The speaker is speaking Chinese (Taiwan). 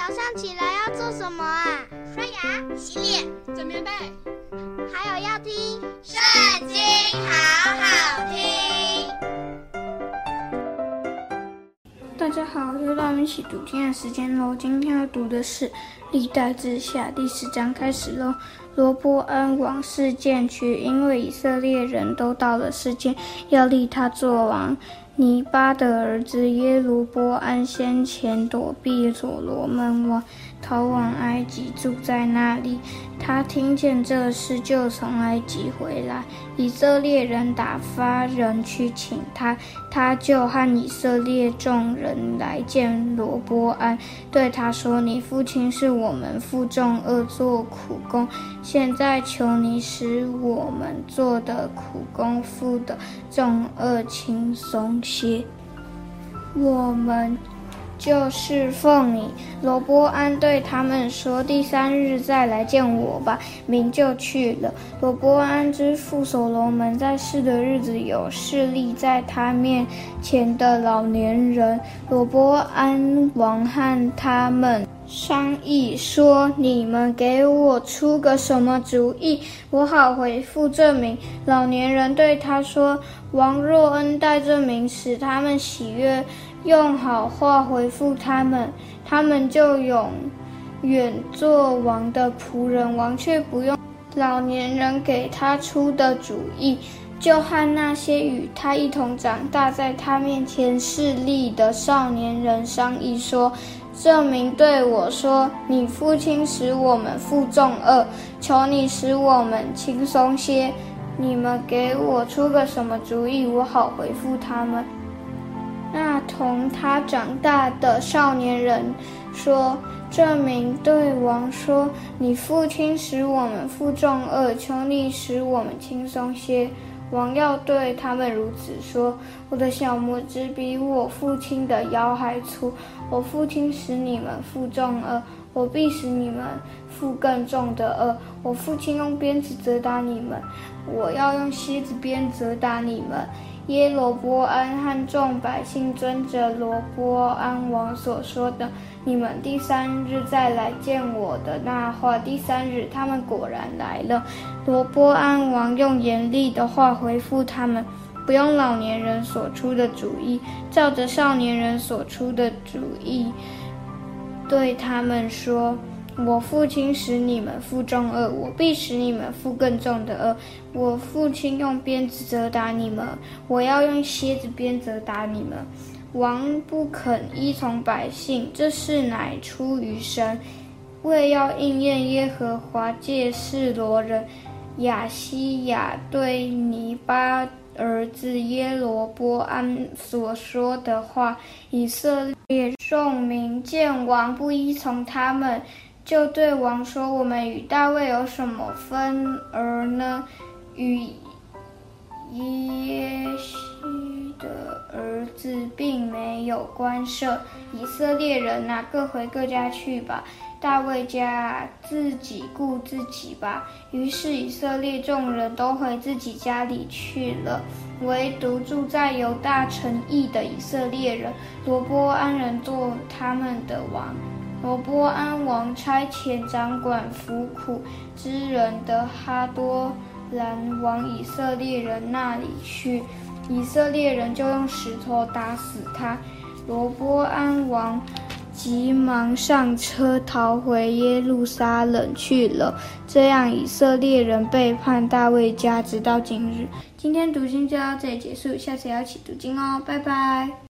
早上起來要做什麼啊？刷牙、洗臉、整棉被，還有要聽《聖經》，好好聽。大家好，又到我們一起讀經的時間嘍。今天要讀的是《歷代志下》第十章，開始嘍。羅波安往示劍去，因為以色列人都到了示劍，要立他作王。尼八的兒子耶羅波安先前躲避所羅門王，逃往埃及，住在那裡。他聽見這事，就從埃及回來。以色列人打發人去請他，他就和以色列眾人來見羅波安，對他說：“你父親使我們負重軛做苦工，現在求你使我們做的苦工負的重軛輕鬆。”些，我們就事奉你。羅波安對他們說：“第三日再來見我吧。”民就去了。羅波安之父所羅門，在世的日子有侍立在他面前的老年人。羅波安王和他們，商議說：“你們給我出個什麼主意，我好回復這民。”老年人對他說：“王若恩待這民，使他們喜悅，用好話回復他們，他們就永遠做王的僕人。”王卻不用老年人給他出的主意，就和那些與他一同長大，在他面前侍立的少年人商議說，這民對我說：“你父親使我們負重軛。求你使我們輕鬆些。”你們給我出個什麼主意，我好回復他們。那同他長大的少年人說：“這民對王說，你父親使我們負重軛。求你使我們輕鬆些。”王要對他們如此說：“我的小拇指比我父親的腰還粗，我父親使你們負重軛。”我必使你們負更重的軛。我父親用鞭子責打你們，我要用蠍子鞭責打你們。耶羅波安和眾百姓遵着羅波安王所說的，你們第三日再來見我的那話。第三日，他們果然來了。羅波安王用嚴厲的話回復他們：不用老年人所出的主意，照着少年人所出的主意。對他們說：“我父親使你們負重軛，我必使你們負更重的軛。我父親用鞭子責打你們，我要用蠍子鞭責打你們。王不肯依從百姓，這事乃出於神，為要應驗耶和華藉示羅人亞希雅對尼八。”兒子耶羅波安所說的話，以色列眾民見王不依從他們，就對王說：“我們與大衛有什麼分兒呢？與耶西的兒子並沒有關涉。以色列人、啊，哪，各回各家去吧。”大衛家自己顧自己吧。於是以色列眾人都回自己家裡去了，唯獨住在猶大城邑的以色列人，羅波安仍作他們的王。羅波安王差遣掌管服苦之人的哈多蘭往以色列人那裡去，以色列人就用石頭打死他。羅波安王。急忙上車逃回耶路撒冷去了。這樣，以色列人背叛大衛家，直到今日。今天讀經就到這裡結束，下次要一起讀經哦，拜拜。